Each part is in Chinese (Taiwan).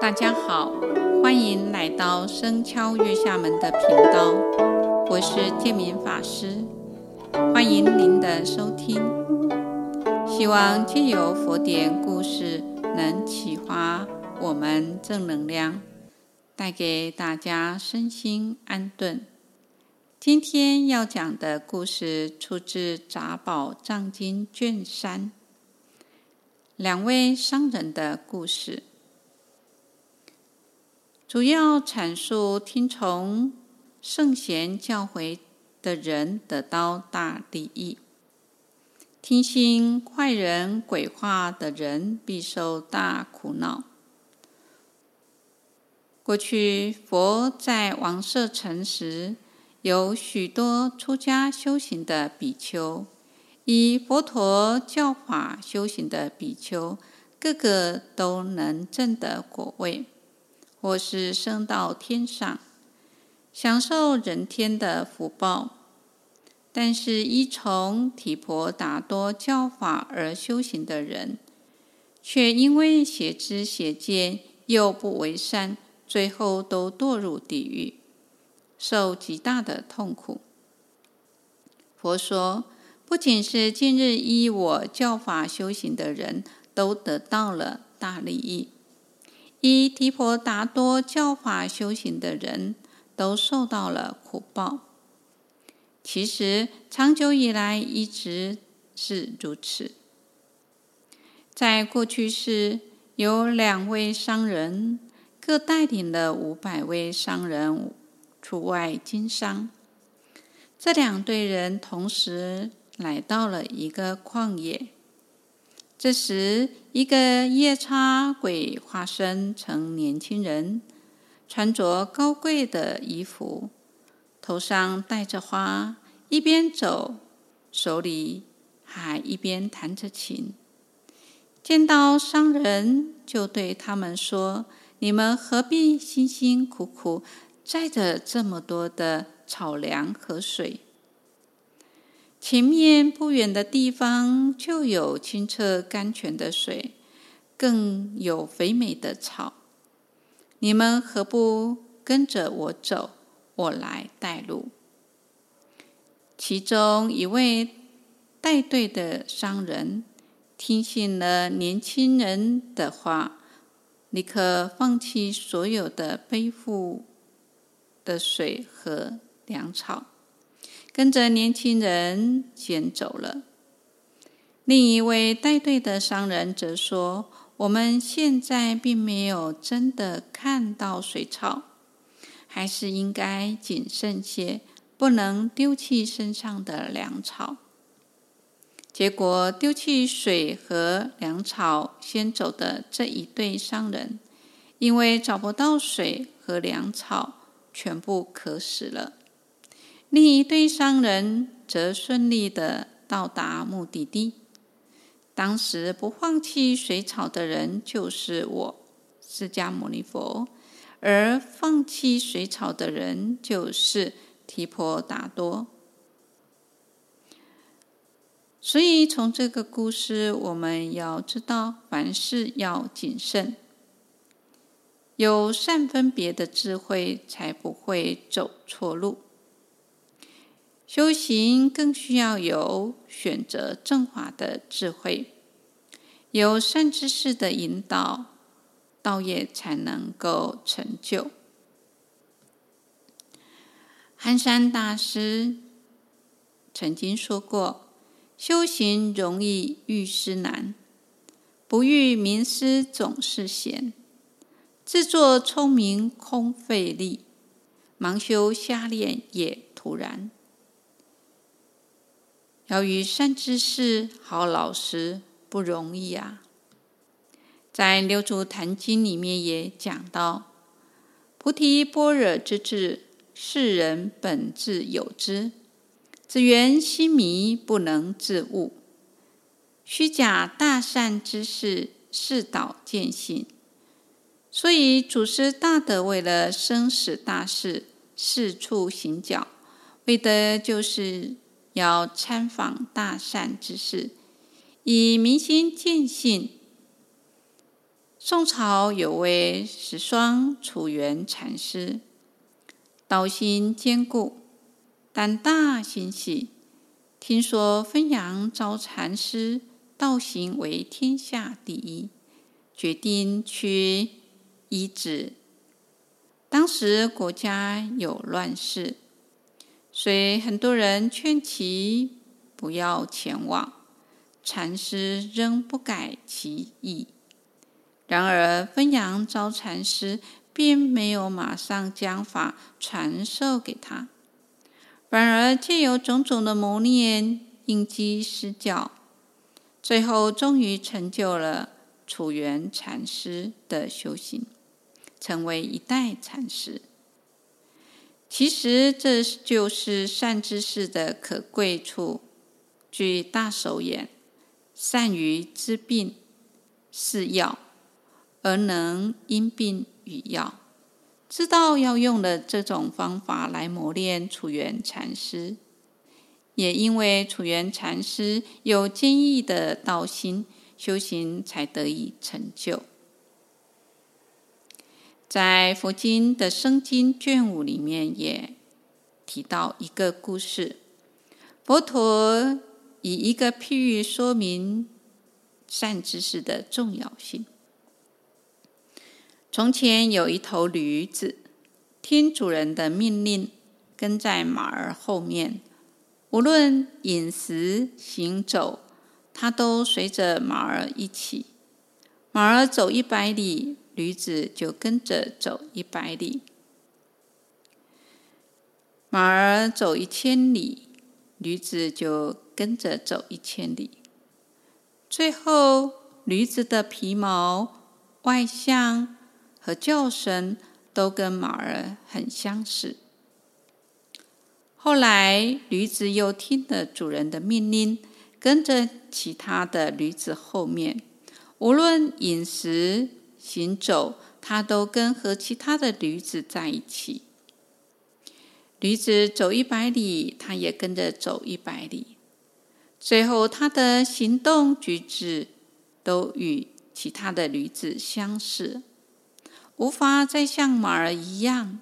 大家好，歡迎來到“僧敲月下門”的頻道，我是建明法師，歡迎您的收聽。希望借由佛典故事能啟發我們正能量，帶給大家身心安頓。今天要講的故事出自《雜寶藏經》卷三，兩位商人的故事。主要闡述聽從聖賢教誨的人得到大利益，聽信壞人鬼話的人必受大苦惱。過去佛在王舍城時，有許多出家修行的比丘，以佛陀教法修行的比丘，個個都能證得果位。或是升到天上，享受人天的福報；但是依從提婆達多教法而修行的人，卻因為邪知邪見又不為善，最後都墮入地獄，受極大的痛苦。佛說，不僅是今日依我教法修行的人都得到了大利益。依提婆達多教法修行的人，都受到了苦報。其實，長久以來一直是如此。在過去世，有兩位商人，各帶領了五百位商人出外經商。這兩隊人同時來到了一個曠野。這時，一個夜叉鬼化身成年輕人，穿着高貴的衣服，頭上戴着花，一邊走，手裡還一邊彈着琴。見到商人，就對他們說：“你們何必辛辛苦苦載着這麼多的草糧和水？”前面不遠的地方，就有清澈甘泉的水，更有肥美的草，你們何不跟着我走，我來帶路。其中一位帶隊的商人聽信了年輕人的話，立刻放棄所有的背負的水和糧草。跟着年輕人先走了。另一位帶隊的商人則說：“我們現在並沒有真的看到水草，還是應該謹慎些，不能丟棄身上的糧草。”結果丟棄水和糧草先走的這一隊商人，因為找不到水和糧草，全部渴死了。另一隊商人則順利的到達目的地。當時不放棄水草的人就是我，釋迦牟尼佛；而放棄水草的人就是提婆達多。所以，從這個故事，我們要知道凡事要謹慎，有善分別的智慧，才不會走錯路。修行更需要有選擇正法的智慧，有善知識的引導，道業才能夠成就。憨山大師曾經說過：“修行容易遇師難，不遇明師總是閒，自作聰明空費力，盲修瞎練也徒然。”要遇善知識好老師不容易啊！在《六祖壇經》裡面也講到：“菩提般若之智，世人本自有之，只緣心迷，不能自悟。須假大善知識，示導見性。所以祖師大德為了生死大事，四處行腳，為的就是。”要參訪大善知識，以明心見性。宋朝有位石霜楚圓禪師，道心堅固，膽大心細。聽說汾陽昭禪師道行為天下第一，決定去依止，當時國家有亂世。所以很多人勸其不要前往，禪師仍不改其意。然而，汾陽昭禪師並沒有馬上將法傳授給他，反而借由種種的磨練，應機施教，最後終於成就了楚圓禪師的修行，成為一代禪師。其實這就是善知識的可貴處，具大手眼，善於知病，識藥，而能因病與藥，知道要用的這種方法來磨練楚圓禪師，也因為楚圓禪師有堅毅的道心，修行才得以成就。在佛經的《生經》卷五裡面也提到一個故事，佛陀以一個譬喻說明善知識的重要性。從前有一頭驢子，聽主人的命令，跟在馬兒後面，無論飲食行走，它都隨着馬兒一起。馬兒走一百里。驢子就跟着走一百里，馬兒走一千里，驢子就跟着走一千里。最後，驢子的皮毛、外相和叫聲都跟馬兒很相似。後來，驢子又聽了主人的命令，跟着其他的驢子後面，無論飲食。行走，他都跟和其他的驢子在一起。驢子走一百里，他也跟着走一百里。最後，他的行動舉止都與其他的驢子相似，無法再像馬兒一樣。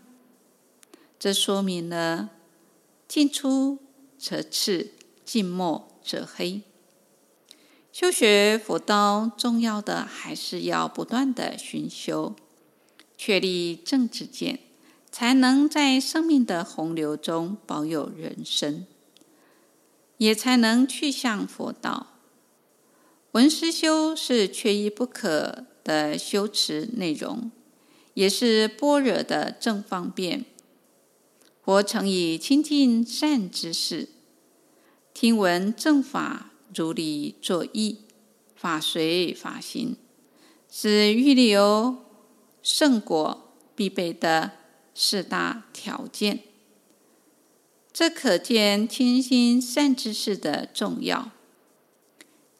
這說明了“近朱者赤，近墨者黑”。修學佛道，重要的還是要不斷地熏修，確立正知見，才能在生命的洪流中保有人身，也才能趣向佛道。聞思修是缺一不可的修持內容，也是般若的正方便。佛曾以親近善士，聽聞正法。如理作意，法隨法行，是預入聖流必備的四大條件。這可見親近善知識的重要。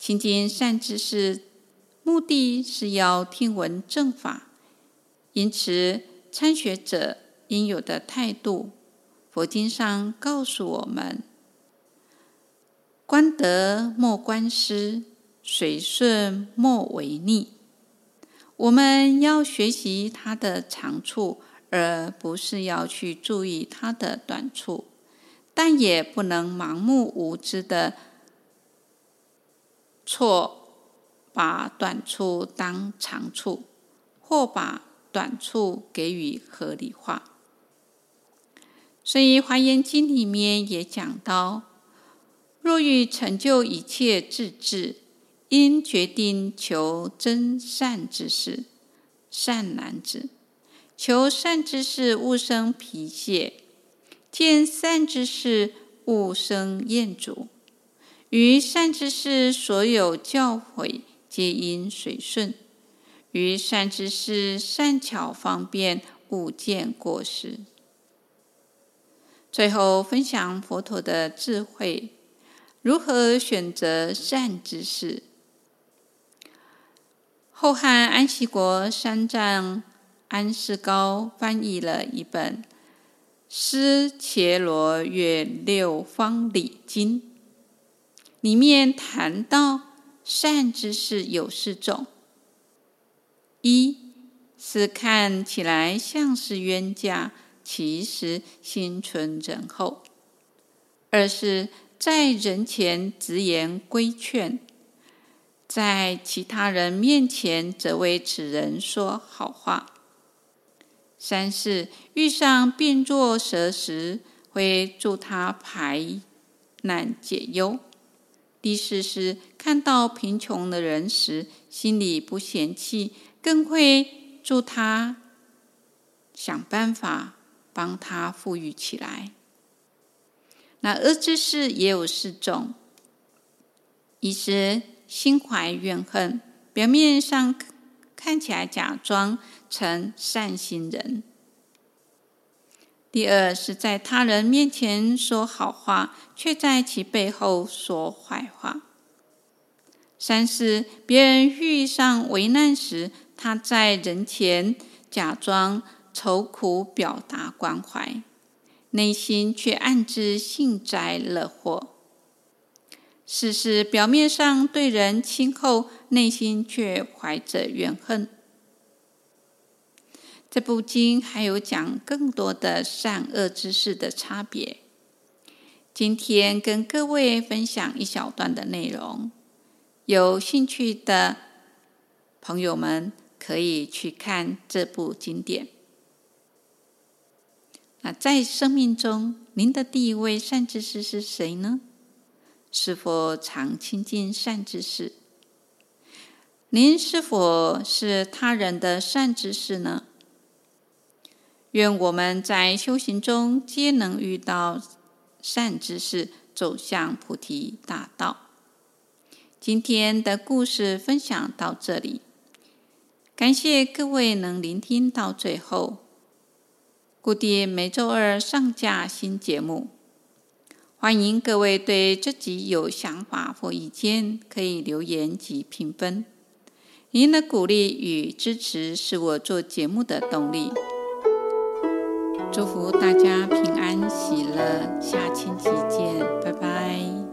親近善知識，目的是要聽聞正法，因此參學者應有的態度，佛經上告訴我們。觀德莫觀失，隨順莫違逆。我們要學習它的長處，而不是要去注意它的短處，但也不能盲目無知的錯把短處當長處，或把短處給予合理化。所以，《華嚴經》裡面也講到。若欲成就一切智智，應決定求真善知識，善男子，求善知識勿生疲懈，見善知識勿生厭足。於善知識所有教誨皆應隨順，於善知識善巧方便勿見過失。最後分享佛陀的智慧。如何選擇善知識？後漢安息國三藏安世高翻譯了一本《屍迦羅越六方禮經》，裡面談到善知識有四種：一是看起來像是冤家，其實心存仁厚；二是，在人前直言規勸，在其他人面前則為此人說好話。三是遇上病弱者時，會助他排難解憂。第四是看到貧窮的人時，心裡不嫌棄，更會助他想辦法幫他富裕起來。那惡知識也有四種：一是心懷怨恨，表面上看起來假裝成善心人；第二是在他人面前說好話，卻在其背後說壞話；三是別人遇上危難時，他在人前假裝愁苦，表達關懷。內心卻暗自幸災樂禍，四是表面上對人親厚，內心卻懷着怨恨。這部經還有講更多的善惡知識的差別。今天跟各位分享一小段的內容，有興趣的朋友們可以去看這部經典。在生命中，您的第一位善知識是誰呢？是否常親近善知識？您是否是他人的善知識呢？願我們在修行中皆能遇到善知識，走向菩提大道。今天的故事分享到這裡，感謝各位能聆聽到最後。固定每週二上架新節目，歡迎各位對這集有想法或意見，可以留言及評分。您的鼓勵與支持是我做節目的動力。祝福大家平安喜樂，下期見，拜拜。